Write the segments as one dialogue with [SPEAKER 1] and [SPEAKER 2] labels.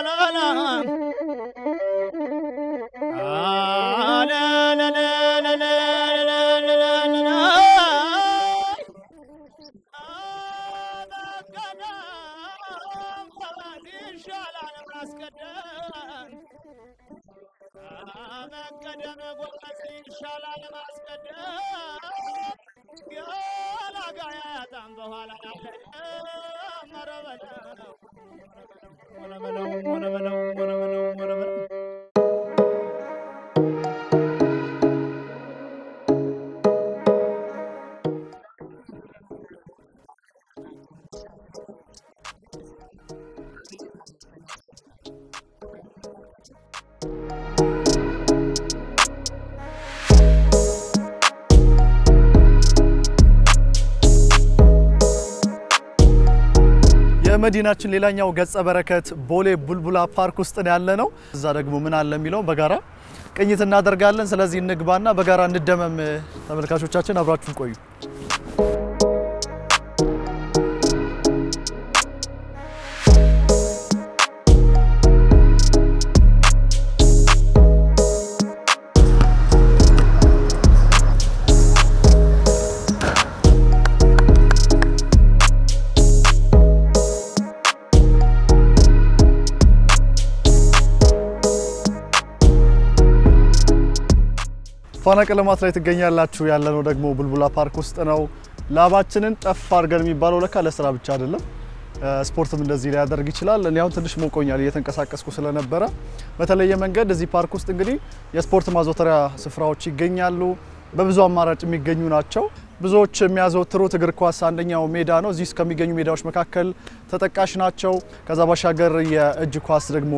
[SPEAKER 1] لا لا لا لا لا لا لا لا لا لا መቀደም ጎበዝ ይሻላል ማስቀደም ገላጋ ያጣም በኋላ ያለ የመዲናችን ሌላኛው ገጸ በረከት ቦሌ ቡልቡላ ፓርክ ውስጥ ነው ያለ ነው። እዛ ደግሞ ምን አለ የሚለው በጋራ ቅኝት እናደርጋለን። ስለዚህ እንግባና በጋራ እንደመም። ተመልካቾቻችን አብራችሁን ቆዩ። ፋና ቀለማት ላይ ትገኛላችሁ። ያለነው ደግሞ ቡልቡላ ፓርክ ውስጥ ነው። ላባችንን ጠፍ አድርገን የሚባለው ለካ ለስራ ብቻ አይደለም፣ ስፖርትም እንደዚህ ሊያደርግ ይችላል። እኔ አሁን ትንሽ ሞቆኛል እየተንቀሳቀስኩ ስለነበረ በተለየ መንገድ እዚህ ፓርክ ውስጥ እንግዲህ የስፖርት ማዘውተሪያ ስፍራዎች ይገኛሉ። በብዙ አማራጭ የሚገኙ ናቸው። ብዙዎች የሚያዘወትሩት እግር ኳስ አንደኛው ሜዳ ነው። እዚህ ውስጥ ከሚገኙ ሜዳዎች መካከል ተጠቃሽ ናቸው። ከዛ ባሻገር የእጅ ኳስ ደግሞ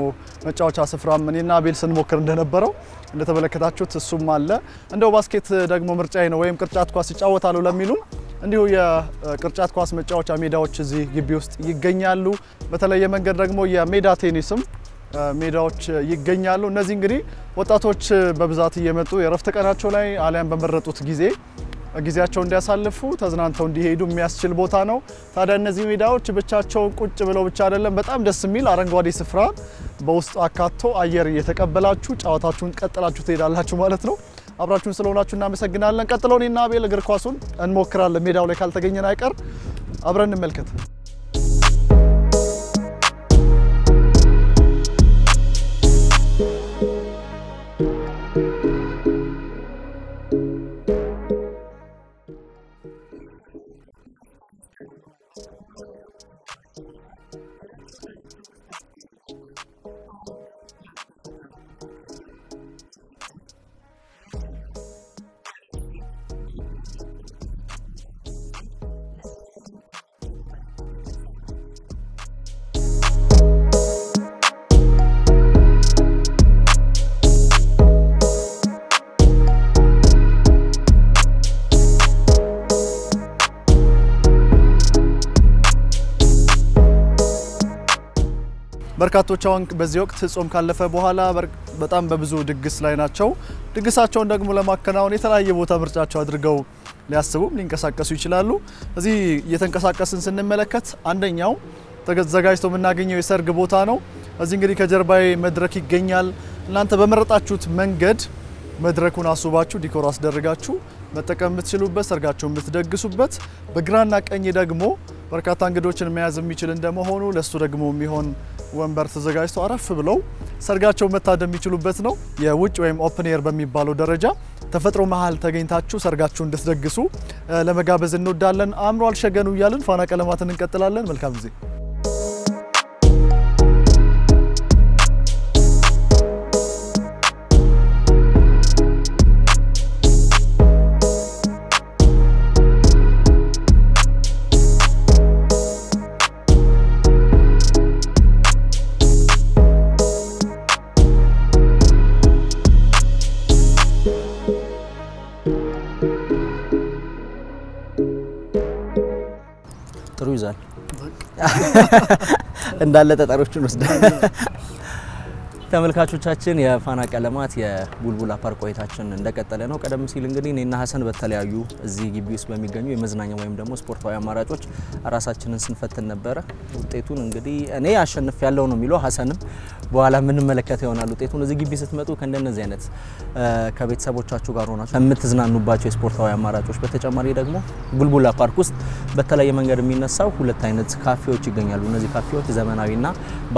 [SPEAKER 1] መጫወቻ ስፍራም እኔና ቤል ስንሞክር እንደነበረው እንደተመለከታችሁት እሱም አለ። እንደው ባስኬት ደግሞ ምርጫዬ ነው ወይም ቅርጫት ኳስ ይጫወታሉ ለሚሉም እንዲሁ የቅርጫት ኳስ መጫወቻ ሜዳዎች እዚህ ግቢ ውስጥ ይገኛሉ። በተለየ መንገድ ደግሞ የሜዳ ቴኒስም ሜዳዎች ይገኛሉ። እነዚህ እንግዲህ ወጣቶች በብዛት እየመጡ የእረፍት ቀናቸው ላይ አሊያም በመረጡት ጊዜ ጊዜያቸው እንዲያሳልፉ ተዝናንተው እንዲሄዱ የሚያስችል ቦታ ነው። ታዲያ እነዚህ ሜዳዎች ብቻቸውን ቁጭ ብለው ብቻ አይደለም፣ በጣም ደስ የሚል አረንጓዴ ስፍራ በውስጡ አካቶ አየር እየተቀበላችሁ ጨዋታችሁን ቀጥላችሁ ትሄዳላችሁ ማለት ነው። አብራችሁን ስለሆናችሁ እናመሰግናለን። ቀጥለው እኔና አቤል እግር ኳሱን እንሞክራለን ሜዳው ላይ ካልተገኘን አይቀር አብረን እንመልከት። በርካቶች አሁን በዚህ ወቅት ጾም ካለፈ በኋላ በጣም በብዙ ድግስ ላይ ናቸው። ድግሳቸውን ደግሞ ለማከናወን የተለያየ ቦታ ምርጫቸው አድርገው ሊያስቡም ሊንቀሳቀሱ ይችላሉ። እዚህ እየተንቀሳቀስን ስንመለከት አንደኛው ተዘጋጅቶ የምናገኘው የሰርግ ቦታ ነው። እዚህ እንግዲህ ከጀርባዬ መድረክ ይገኛል። እናንተ በመረጣችሁት መንገድ መድረኩን አስውባችሁ ዲኮር አስደርጋችሁ መጠቀም የምትችሉበት ሰርጋቸው የምትደግሱበት፣ በግራና ቀኝ ደግሞ በርካታ እንግዶችን መያዝ የሚችል እንደመሆኑ ለሱ ደግሞ የሚሆን ወንበር ተዘጋጅቶ አረፍ ብለው ሰርጋቸው መታደም የሚችሉበት ነው። የውጭ ወይም ኦፕን ኤር በሚባለው ደረጃ ተፈጥሮ መሀል ተገኝታችሁ ሰርጋችሁ እንድትደግሱ ለመጋበዝ እንወዳለን። አእምሮ አልሸገኑ እያልን ፋና ቀለማትን እንቀጥላለን። መልካም ጊዜ ጥሩ ይዟል እንዳለ ጠጠሮቹን ወስደ ተመልካቾቻችን የፋና ቀለማት የቡልቡላ ፓርክ ቆይታችን እንደቀጠለ ነው። ቀደም ሲል እንግዲህ እኔና ሀሰን በተለያዩ እዚህ ግቢ ውስጥ በሚገኙ የመዝናኛ ወይም ደግሞ ስፖርታዊ አማራጮች ራሳችንን ስንፈትን ነበረ። ውጤቱን እንግዲህ እኔ አሸንፍ ያለው ነው የሚለው ሀሰንም በኋላ የምንመለከተው ይሆናል። ውጤቱን እዚህ ግቢ ስትመጡ ከእንደነዚህ አይነት ከቤተሰቦቻችሁ ጋር ሆናችሁ ከምትዝናኑባቸው የስፖርታዊ አማራጮች በተጨማሪ ደግሞ ቡልቡላ ፓርክ ውስጥ በተለያየ መንገድ የሚነሳው ሁለት አይነት ካፌዎች ይገኛሉ። እነዚህ ካፌዎች ዘመናዊና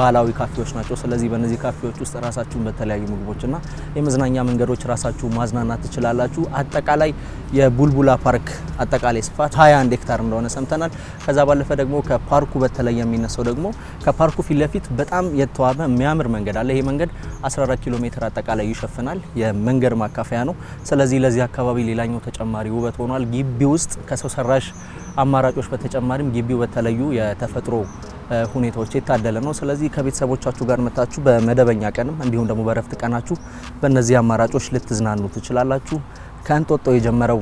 [SPEAKER 1] ባህላዊ ካፌዎች ናቸው። ስለዚህ በእነዚህ ካፌዎች ውስጥ ራሳችሁን በተለያዩ ምግቦችና የመዝናኛ መንገዶች ራሳችሁ ማዝናናት ትችላላችሁ። አጠቃላይ የቡልቡላ ፓርክ አጠቃላይ ስፋት 21 ሄክታር እንደሆነ ሰምተናል። ከዛ ባለፈ ደግሞ ከፓርኩ በተለይ የሚነሳው ደግሞ ከፓርኩ ፊት ለፊት በጣም የተዋበ የሚያምር መንገድ አለ። ይሄ መንገድ 14 ኪሎ ሜትር አጠቃላይ ይሸፍናል። የመንገድ ማካፈያ ነው። ስለዚህ ለዚህ አካባቢ ሌላኛው ተጨማሪ ውበት ሆኗል። ግቢ ውስጥ ከሰው ሰራሽ አማራጮች በተጨማሪም ግቢው በተለዩ የተፈጥሮ ሁኔታዎች የታደለ ነው። ስለዚህ ከቤተሰቦቻችሁ ጋር መታችሁ በመደበኛ ቀንም እንዲሁም ደግሞ በረፍት ቀናችሁ በእነዚህ አማራጮች ልትዝናኑ ትችላላችሁ። ከእንጦጦ የጀመረው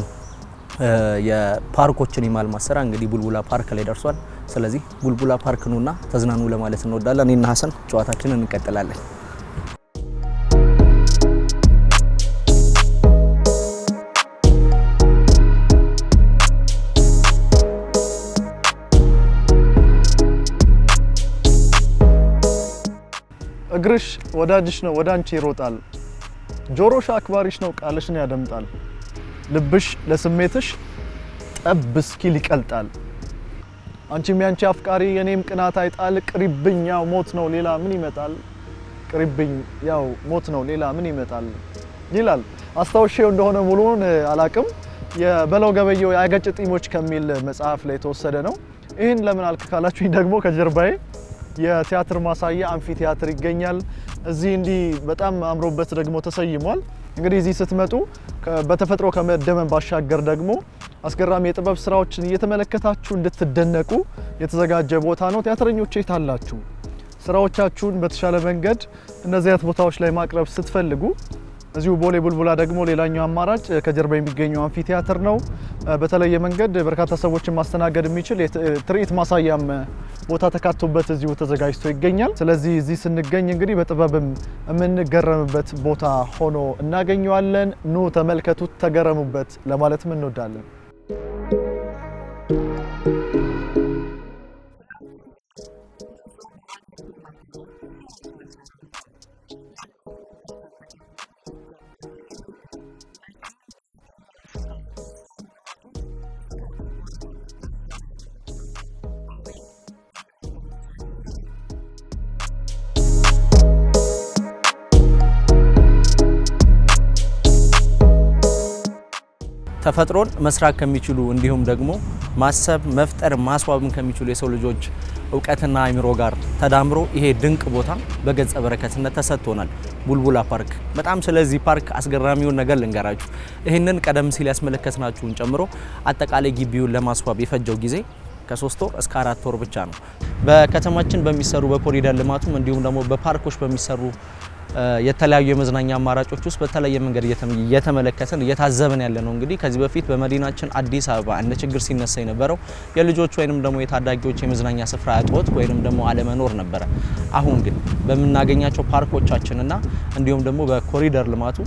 [SPEAKER 1] የፓርኮችን የማልማት ስራ እንግዲህ ቡልቡላ ፓርክ ላይ ደርሷል። ስለዚህ ቡልቡላ ፓርክ ኑና ተዝናኑ ለማለት እንወዳለን። እኔና ሀሰን ጨዋታችንን እንቀጥላለን። ንግግርሽ ወዳጅሽ ነው፣ ወደ አንቺ ይሮጣል። ጆሮሽ አክባሪሽ ነው፣ ቃልሽን ያደምጣል። ልብሽ ለስሜትሽ ጠብ እስኪል ይቀልጣል። አንቺም ያንቺ አፍቃሪ የኔም ቅናት አይጣል። ቅሪብኝ ያው ሞት ነው ሌላ ምን ይመጣል? ቅሪብኝ ያው ሞት ነው ሌላ ምን ይመጣል ይላል። አስታውሼው እንደሆነ ሙሉውን አላቅም። የበለው ገበየው የአገጭ ጢሞች ከሚል መጽሐፍ ላይ የተወሰደ ነው። ይህን ለምን አልክ ካላችሁኝ ደግሞ ከጀርባዬ የቲያትር ማሳያ አንፊ ቲያትር ይገኛል። እዚህ እንዲህ በጣም አምሮበት ደግሞ ተሰይሟል። እንግዲህ እዚህ ስትመጡ በተፈጥሮ ከመደመን ባሻገር ደግሞ አስገራሚ የጥበብ ስራዎችን እየተመለከታችሁ እንድትደነቁ የተዘጋጀ ቦታ ነው። ቲያትረኞች የት አላችሁ? ስራዎቻችሁን በተሻለ መንገድ እነዚያት ቦታዎች ላይ ማቅረብ ስትፈልጉ እዚሁ ቦሌ ቡልቡላ ደግሞ ሌላኛው አማራጭ ከጀርባ የሚገኘው አምፊ ቲያትር ነው። በተለየ መንገድ በርካታ ሰዎችን ማስተናገድ የሚችል ትርኢት ማሳያም ቦታ ተካቶበት እዚሁ ተዘጋጅቶ ይገኛል። ስለዚህ እዚህ ስንገኝ እንግዲህ በጥበብም የምንገረምበት ቦታ ሆኖ እናገኘዋለን። ኑ ተመልከቱት፣ ተገረሙበት ለማለትም እንወዳለን። ተፈጥሮን መስራት ከሚችሉ እንዲሁም ደግሞ ማሰብ፣ መፍጠር፣ ማስዋብን ከሚችሉ የሰው ልጆች እውቀትና አይምሮ ጋር ተዳምሮ ይሄ ድንቅ ቦታ በገጸ በረከትነት ተሰጥቶናል፣ ቡልቡላ ፓርክ። በጣም ስለዚህ ፓርክ አስገራሚውን ነገር ልንገራችሁ። ይህንን ቀደም ሲል ያስመለከትናችሁን ጨምሮ አጠቃላይ ግቢውን ለማስዋብ የፈጀው ጊዜ ከሶስት ወር እስከ አራት ወር ብቻ ነው። በከተማችን በሚሰሩ በኮሪደር ልማቱም እንዲሁም ደግሞ በፓርኮች በሚሰሩ የተለያዩ የመዝናኛ አማራጮች ውስጥ በተለየ መንገድ እየተመለከትን እየታዘብን ያለ ነው። እንግዲህ ከዚህ በፊት በመዲናችን አዲስ አበባ እንደ ችግር ሲነሳ የነበረው የልጆች ወይንም ደግሞ የታዳጊዎች የመዝናኛ ስፍራ እጦት ወይንም ደግሞ አለመኖር ነበረ። አሁን ግን በምናገኛቸው ፓርኮቻችንና እንዲሁም ደግሞ በኮሪደር ልማቱ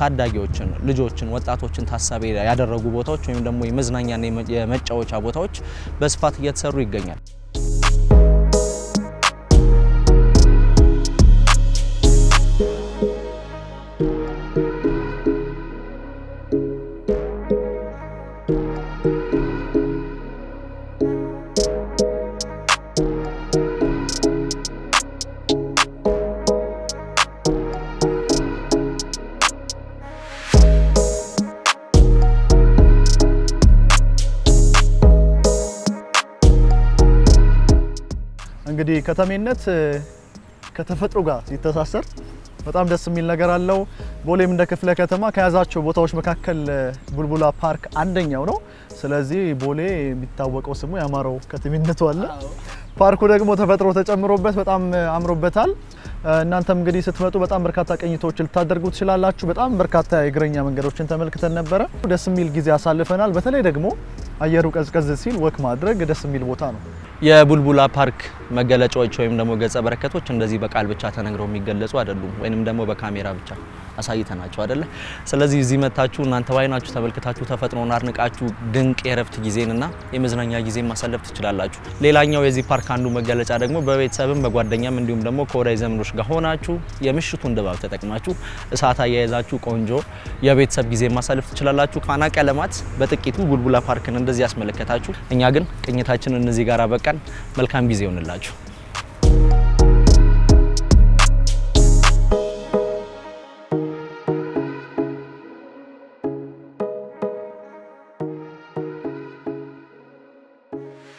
[SPEAKER 1] ታዳጊዎችን፣ ልጆችን፣ ወጣቶችን ታሳቢ ያደረጉ ቦታዎች ወይም ደግሞ የመዝናኛና የመጫወቻ ቦታዎች በስፋት እየተሰሩ ይገኛል። እንግዲህ ከተሜነት ከተፈጥሮ ጋር ሲተሳሰር በጣም ደስ የሚል ነገር አለው። ቦሌም እንደ ክፍለ ከተማ ከያዛቸው ቦታዎች መካከል ቡልቡላ ፓርክ አንደኛው ነው። ስለዚህ ቦሌ የሚታወቀው ስሙ ያማረው ከተሜነቱ አለ። ፓርኩ ደግሞ ተፈጥሮ ተጨምሮበት በጣም አምሮበታል። እናንተም እንግዲህ ስትመጡ በጣም በርካታ ቅኝቶች ልታደርጉ ትችላላችሁ። በጣም በርካታ የእግረኛ መንገዶችን ተመልክተን ነበረ። ደስ የሚል ጊዜ አሳልፈናል። በተለይ ደግሞ አየሩ ቀዝቀዝ ሲል ወክ ማድረግ ደስ የሚል ቦታ ነው። የቡልቡላ ፓርክ መገለጫዎች ወይም ደግሞ ገጸ በረከቶች እንደዚህ በቃል ብቻ ተነግረው የሚገለጹ አይደሉም፣ ወይንም ደግሞ በካሜራ ብቻ አሳይተናቸው አይደለ። ስለዚህ እዚህ መታችሁ እናንተ ባይናችሁ ተመልክታችሁ ተፈጥሮን አድንቃችሁ ድንቅ የእረፍት ጊዜንና የመዝናኛ ጊዜን ማሳለፍ ትችላላችሁ። ሌላኛው የዚህ ፓርክ አንዱ መገለጫ ደግሞ በቤተሰብም በጓደኛም እንዲሁም ደግሞ ከወዳጅ ዘመዶች ጋር ሆናችሁ የምሽቱን ድባብ ተጠቅማችሁ እሳት አያይዛችሁ ቆንጆ የቤተሰብ ጊዜ ማሳለፍ ትችላላችሁ። ፋና ቀለማት በጥቂቱ ቡልቡላ ፓርክን እንደዚህ ያስመለከታችሁ፣ እኛ ግን ቅኝታችንን እዚህ ጋር በቃ ቀን መልካም ጊዜ ይሆንላችሁ።